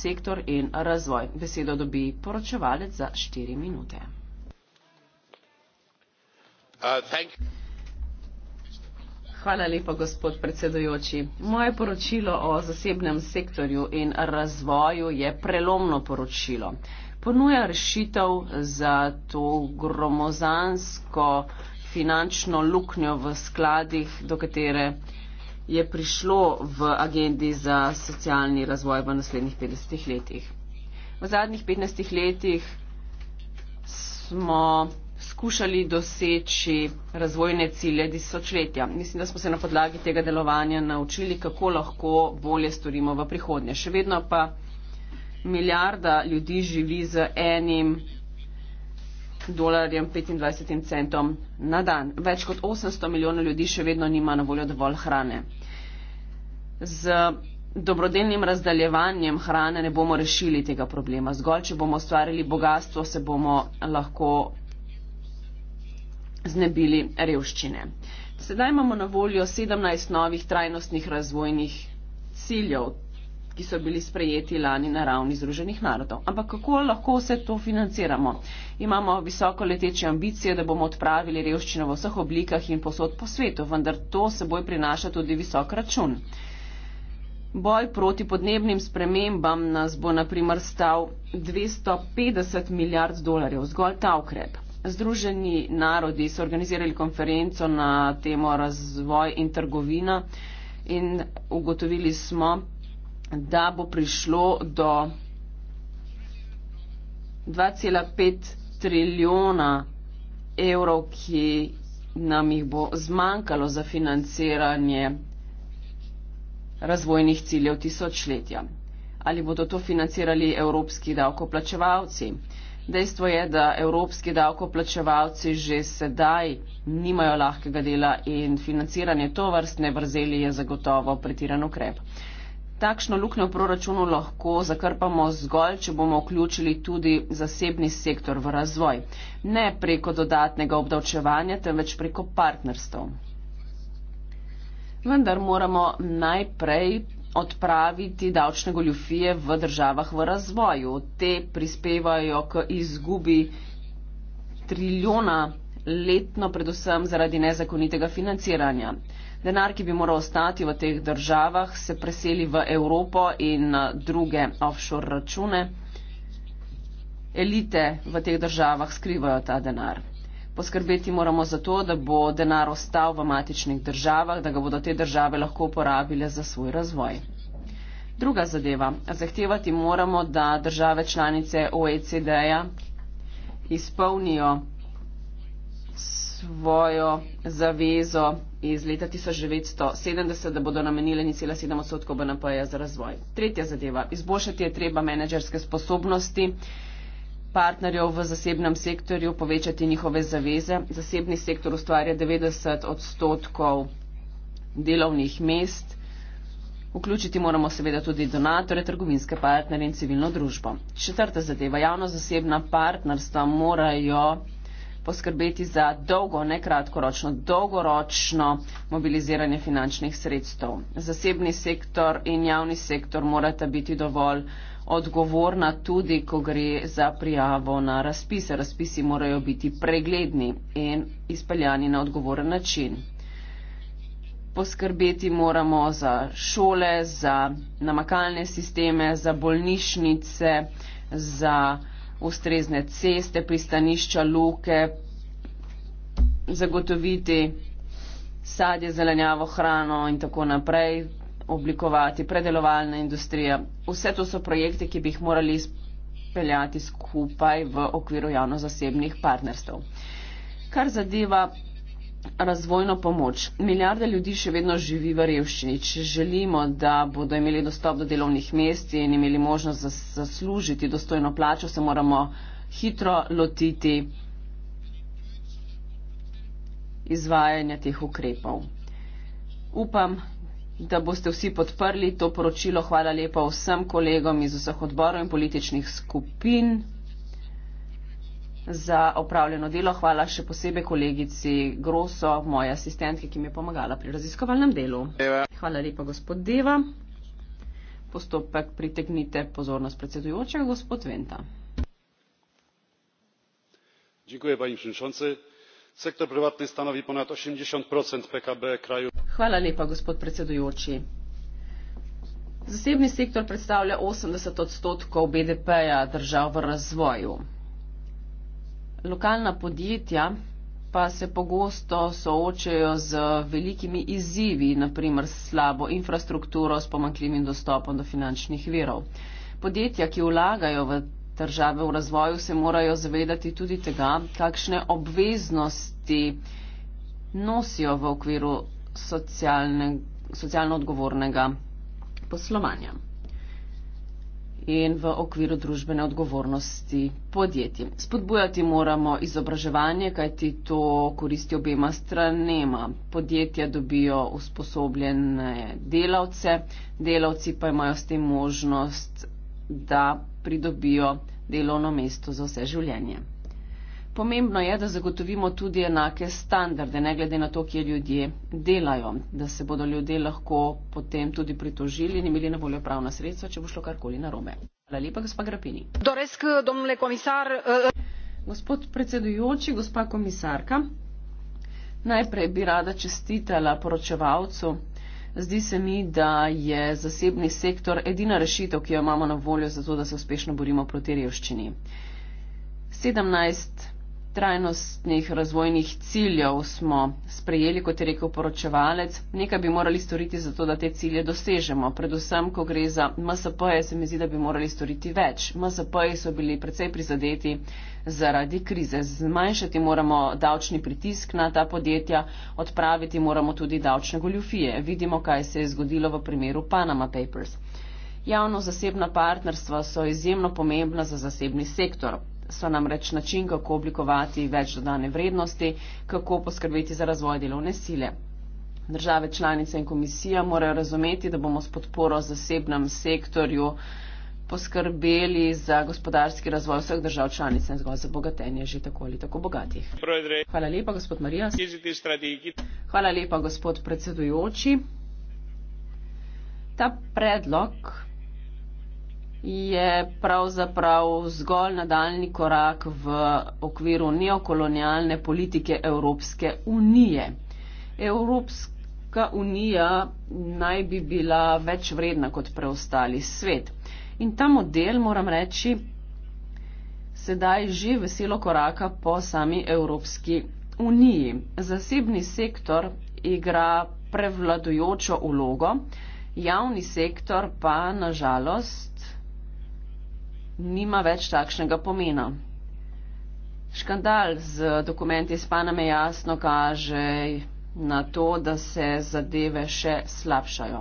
sektor in razvoj. Besedo dobi poročevalec za štiri minute. Uh, Hvala lepa, gospod predsedujoči. Moje poročilo o zasebnem sektorju in razvoju je prelomno poročilo. Ponuja rešitev za to gromozansko finančno luknjo v skladih, do katere je prišlo v agendi za socialni razvoj v naslednjih 50 letih. V zadnjih 15 letih smo skušali doseči razvojne cilje tisočletja. Mislim, da smo se na podlagi tega delovanja naučili, kako lahko bolje storimo v prihodnje. Še vedno pa milijarda ljudi živi z enim dolarjem 25 centom na dan. Več kot 800 milijonov ljudi še vedno nima na voljo dovolj hrane z dobrodelnim razdaljevanjem hrane ne bomo rešili tega problema. Zgolj, če bomo ustvarili bogatstvo, se bomo lahko znebili revščine. Sedaj imamo na voljo 17 novih trajnostnih razvojnih ciljev, ki so bili sprejeti lani na ravni Združenih narodov. Ampak kako lahko vse to financiramo? Imamo visoko leteče ambicije, da bomo odpravili revščino v vseh oblikah in posod po svetu, vendar to seboj prinaša tudi visok račun. Boj proti podnebnim spremembam nas bo naprimer stal 250 milijard dolarjev, zgolj ta ukrep. Združeni narodi so organizirali konferenco na temo razvoj in trgovina in ugotovili smo, da bo prišlo do 2,5 trilijona evrov, ki nam jih bo zmanjkalo za financiranje razvojnih ciljev tisočletja. Ali bodo to financirali evropski davkoplačevalci? Dejstvo je, da evropski davkoplačevalci že sedaj nimajo lahkega dela in financiranje to vrstne vrzeli je zagotovo pretiran ukrep. Takšno luknjo v proračunu lahko zakrpamo zgolj, če bomo vključili tudi zasebni sektor v razvoj. Ne preko dodatnega obdavčevanja, temveč preko partnerstva vendar moramo najprej odpraviti davčne goljufije v državah v razvoju. Te prispevajo k izgubi trilijona letno, predvsem zaradi nezakonitega financiranja. Denar, ki bi moral ostati v teh državah, se preseli v Evropo in druge offshore račune. Elite v teh državah skrivajo ta denar. Poskrbeti moramo za to, da bo denar ostal v matičnih državah, da ga bodo te države lahko uporabile za svoj razvoj. Druga zadeva. Zahtevati moramo, da države članice OECD-ja izpolnijo svojo zavezo iz leta 1970, da bodo namenile 0,7 odstotkov BNP-ja za razvoj. Tretja zadeva. Izboljšati je treba menedžerske sposobnosti partnerjev v zasebnem sektorju povečati njihove zaveze. Zasebni sektor ustvarja 90 odstotkov delovnih mest. Vključiti moramo seveda tudi donatore, trgovinske partnerje in civilno družbo. Četrta zadeva, javno-zasebna partnerstva morajo poskrbeti za dolgo, ne kratkoročno, dolgoročno mobiliziranje finančnih sredstev. Zasebni sektor in javni sektor morata biti dovolj odgovorna tudi, ko gre za prijavo na razpise. Razpisi morajo biti pregledni in izpeljani na odgovoren način. Poskrbeti moramo za šole, za namakalne sisteme, za bolnišnice, za ustrezne ceste, pristanišča, luke, zagotoviti sadje, zelenjavo, hrano in tako naprej, oblikovati predelovalna industrija. Vse to so projekte, ki bi jih morali speljati skupaj v okviru javno-zasebnih partnerstv. Kar zadeva razvojno pomoč. Milijarde ljudi še vedno živi v revščini. Če želimo, da bodo imeli dostop do delovnih mest in imeli možnost zaslužiti dostojno plačo, se moramo hitro lotiti izvajanja teh ukrepov. Upam, da boste vsi podprli to poročilo. Hvala lepa vsem kolegom iz vseh odborov in političnih skupin za opravljeno delo. Hvala še posebej kolegici Groso, moja asistentka, ki mi je pomagala pri raziskovalnem delu. Deva. Hvala lepa, gospod Deva. Postopek pritegnite pozornost predsedujočega, gospod Venta. Hvala lepa, gospod predsedujoči. Zasebni sektor predstavlja 80 odstotkov BDP-ja držav v razvoju. Lokalna podjetja pa se pogosto soočajo z velikimi izzivi, naprimer s slabo infrastrukturo, s pomankljivim dostopom do finančnih virov. Podjetja, ki vlagajo v države v razvoju, se morajo zavedati tudi tega, kakšne obveznosti nosijo v okviru socialne, socialno odgovornega poslovanja in v okviru družbene odgovornosti podjetij. Spodbujati moramo izobraževanje, kajti to koristi obema stranema. Podjetja dobijo usposobljene delavce, delavci pa imajo s tem možnost, da pridobijo delovno mesto za vse življenje. Pomembno je, da zagotovimo tudi enake standarde, ne glede na to, kje ljudje delajo, da se bodo ljudje lahko potem tudi pritožili in imeli na voljo pravna sredstva, če bo šlo karkoli narobe. Hvala lepa, gospa Grapini. Doresk, domnule komisar. Eh, eh. Gospod predsedujoči, gospa komisarka, najprej bi rada čestitala poročevalcu. Zdi se mi, da je zasebni sektor edina rešitev, ki jo imamo na voljo za to, da se uspešno borimo proti revščini. 17 trajnostnih razvojnih ciljev smo sprejeli, kot je rekel poročevalec. Nekaj bi morali storiti za to, da te cilje dosežemo. Predvsem, ko gre za MSP-je, se mi zdi, da bi morali storiti več. MSP-ji so bili predvsej prizadeti zaradi krize. Zmanjšati moramo davčni pritisk na ta podjetja, odpraviti moramo tudi davčne goljufije. Vidimo, kaj se je zgodilo v primeru Panama Papers. Javno-zasebna partnerstva so izjemno pomembna za zasebni sektor so namreč način, kako oblikovati več dodane vrednosti, kako poskrbeti za razvoj delovne sile. Države članice in komisija morajo razumeti, da bomo s podporo zasebnem sektorju poskrbeli za gospodarski razvoj vseh držav članic in zgolj za bogatenje že tako ali tako bogatih. Hvala lepa, gospod Marijas. Hvala lepa, gospod predsedujoči. Ta predlog je pravzaprav zgolj nadaljni korak v okviru neokolonialne politike Evropske unije. Evropska unija naj bi bila več vredna kot preostali svet. In ta model, moram reči, sedaj že veselo koraka po sami Evropski uniji. Zasebni sektor igra prevladujočo ulogo, javni sektor pa nažalost nima več takšnega pomena. Škandal z dokumenti iz Paname jasno kaže na to, da se zadeve še slabšajo.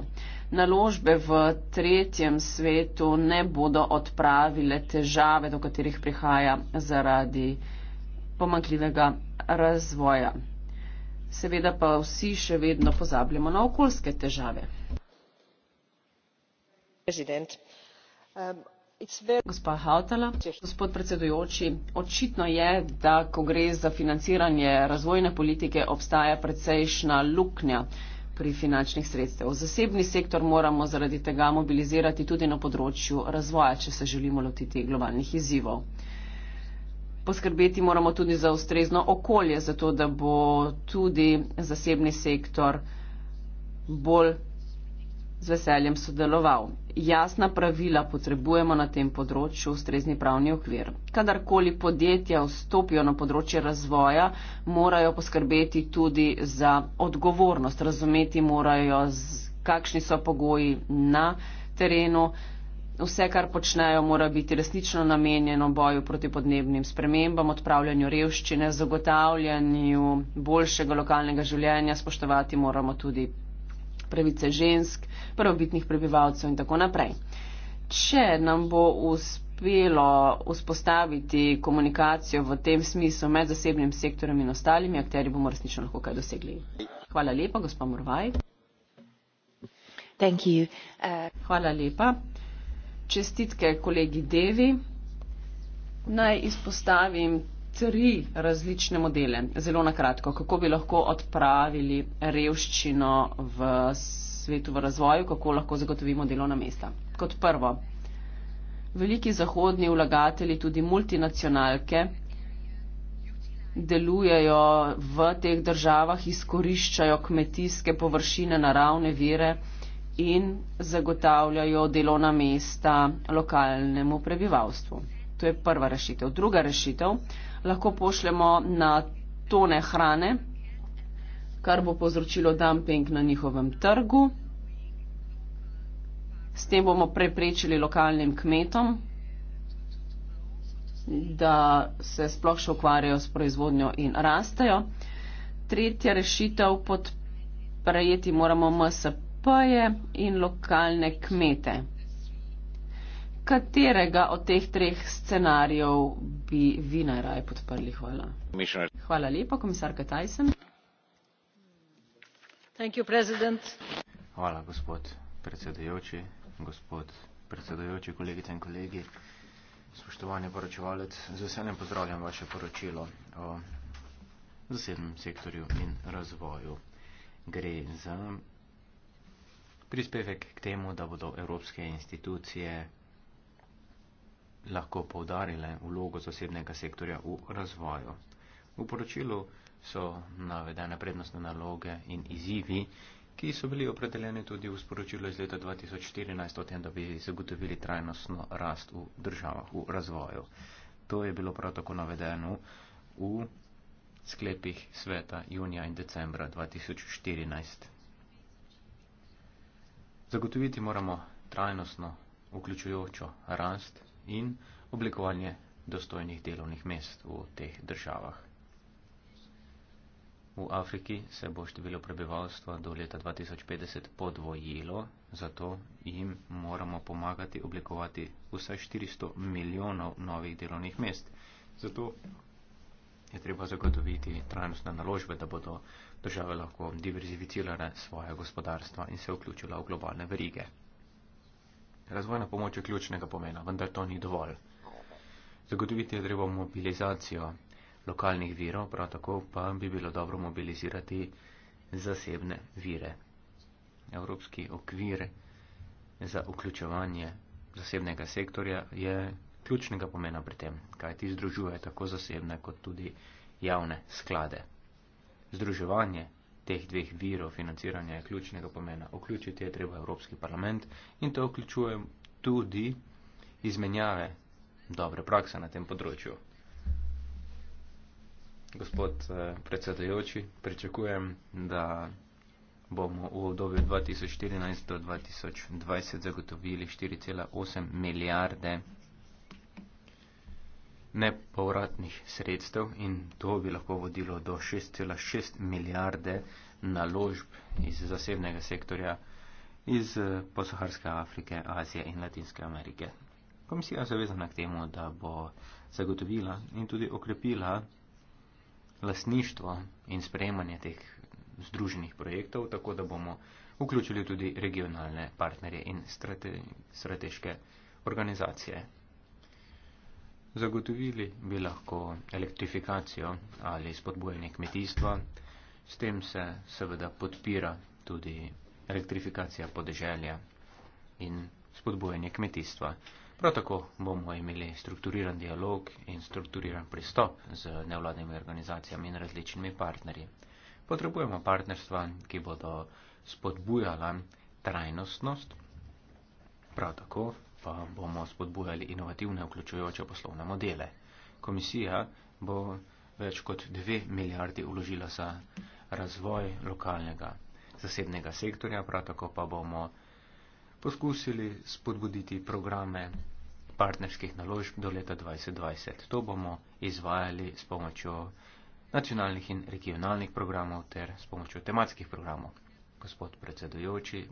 Naložbe v tretjem svetu ne bodo odpravile težave, do katerih prihaja zaradi pomankljivega razvoja. Seveda pa vsi še vedno pozabljamo na okoljske težave. Um, Gospa Hautala, gospod predsedujoči, očitno je, da ko gre za financiranje razvojne politike, obstaja precejšna luknja pri finančnih sredstev. Zasebni sektor moramo zaradi tega mobilizirati tudi na področju razvoja, če se želimo lotiti globalnih izzivov. Poskrbeti moramo tudi za ustrezno okolje, zato da bo tudi zasebni sektor bolj z veseljem sodeloval. Jasna pravila potrebujemo na tem področju, ustrezni pravni okvir. Kadarkoli podjetja vstopijo na področje razvoja, morajo poskrbeti tudi za odgovornost, razumeti morajo, z, kakšni so pogoji na terenu. Vse, kar počnejo, mora biti resnično namenjeno boju proti podnebnim spremembam, odpravljanju revščine, zagotavljanju boljšega lokalnega življenja, spoštovati moramo tudi pravice žensk, prvobitnih prebivalcev in tako naprej. Če nam bo uspelo vzpostaviti komunikacijo v tem smislu med zasebnim sektorjem in ostalimi akteri, bomo resnično lahko kaj dosegli. Hvala lepa, gospa Morvaj. Uh, Hvala lepa. Čestitke kolegi Devi. Naj izpostavim tri različne modele, zelo na kratko, kako bi lahko odpravili revščino v svetu v razvoju, kako lahko zagotovimo delovna mesta. Kot prvo, veliki zahodni vlagatelji, tudi multinacionalke, delujejo v teh državah, izkoriščajo kmetijske površine, naravne vire in zagotavljajo delovna mesta lokalnemu prebivalstvu. To je prva rešitev. Druga rešitev lahko pošljemo na tone hrane, kar bo povzročilo dumping na njihovem trgu. S tem bomo preprečili lokalnim kmetom, da se sploh še ukvarjajo s proizvodnjo in rastejo. Tretja rešitev podprejeti moramo MSP-je in lokalne kmete katerega od teh treh scenarijev bi vi najraje podprli? Hvala. Hvala lepa, komisarka Tyson. You, Hvala, gospod predsedujoči, gospod predsedujoči, kolegice in kolegi. Spoštovani poročevalec, z veseljem pozdravljam vaše poročilo o zasebnem sektorju in razvoju. Gre za prispevek k temu, da bodo evropske institucije lahko povdarile vlogo zasebnega sektorja v razvoju. V poročilu so navedene prednostne naloge in izzivi, ki so bili opredeljeni tudi v sporočilu iz leta 2014 o tem, da bi zagotovili trajnostno rast v državah v razvoju. To je bilo prav tako navedeno v sklepih sveta junija in decembra 2014. Zagotoviti moramo trajnostno vključujočo rast in oblikovanje dostojnih delovnih mest v teh državah. V Afriki se bo število prebivalstva do leta 2050 podvojilo, zato jim moramo pomagati oblikovati vsaj 400 milijonov novih delovnih mest. Zato je treba zagotoviti trajnostne naložbe, da bodo države lahko diverzificirale svoje gospodarstva in se vključila v globalne verige. Razvojna pomoč je ključnega pomena, vendar to ni dovolj. Zagotoviti je treba mobilizacijo lokalnih virov, prav tako pa bi bilo dobro mobilizirati zasebne vire. Evropski okvir za vključevanje zasebnega sektorja je ključnega pomena pri tem, kaj ti združuje tako zasebne kot tudi javne sklade. Združevanje teh dveh virov financiranja je ključnega pomena. Vključiti je treba Evropski parlament in to vključuje tudi izmenjave dobre prakse na tem področju. Gospod eh, predsedajoči, pričakujem, da bomo v obdobju 2014 do 2020 zagotovili 4,8 milijarde nepovratnih sredstev in to bi lahko vodilo do 6,6 milijarde naložb iz zasebnega sektorja iz eh, posaharske Afrike, Azije in Latinske Amerike. Komisija je zavezana k temu, da bo zagotovila in tudi okrepila lasništvo in sprejemanje teh združenih projektov, tako da bomo vključili tudi regionalne partnerje in strate, strateške organizacije. Zagotovili bi lahko elektrifikacijo ali spodbujanje kmetijstva. S tem se seveda podpira tudi elektrifikacija podeželja in spodbujanje kmetijstva. Prav tako bomo imeli strukturiran dialog in strukturiran pristop z nevladnimi organizacijami in različnimi partnerji. Potrebujemo partnerstva, ki bodo spodbujala trajnostnost, prav tako pa bomo spodbujali inovativne vključujoče poslovne modele. Komisija bo več kot 2 milijardi uložila za razvoj lokalnega zasebnega sektorja, prav tako pa bomo poskusili spodbuditi programe partnerskih naložb do leta 2020. To bomo izvajali s pomočjo nacionalnih in regionalnih programov ter s pomočjo tematskih programov. Gospod predsedujoči,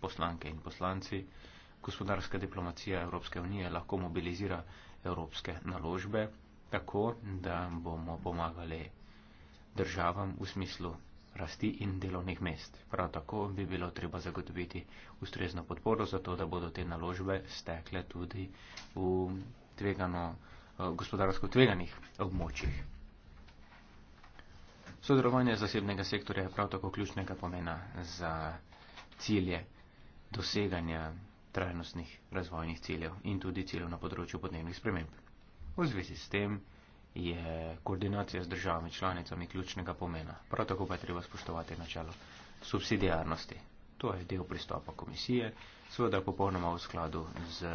poslanke in poslanci gospodarska diplomacija Evropske unije lahko mobilizira evropske naložbe, tako da bomo pomagali državam v smislu rasti in delovnih mest. Prav tako bi bilo treba zagotoviti ustrezno podporo za to, da bodo te naložbe stekle tudi v tvegano, eh, gospodarsko tveganih območjih. Sodelovanje zasebnega sektorja je prav tako ključnega pomena za cilje doseganja trajnostnih razvojnih ciljev in tudi ciljev na področju podnebnih sprememb. V zvezi s tem je koordinacija z državami članicami ključnega pomena. Prav tako pa je treba spoštovati načelo subsidijarnosti. To je del pristopa komisije, seveda popolnoma v skladu z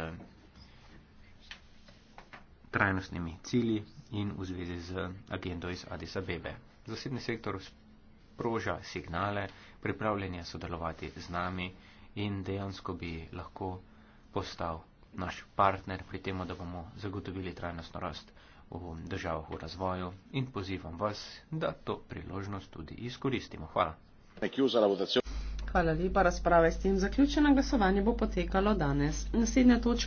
trajnostnimi cilji in v zvezi z agendo iz Addis Abebe. Zasebni sektor sproža signale, pripravljen je sodelovati z nami in dejansko bi lahko postal naš partner pri tem, da bomo zagotovili trajnostno rast v državah v razvoju in pozivam vas, da to priložnost tudi izkoristimo. Hvala. Hvala lepa. Razprava je s tem zaključena. Glasovanje bo potekalo danes. Naslednja točka.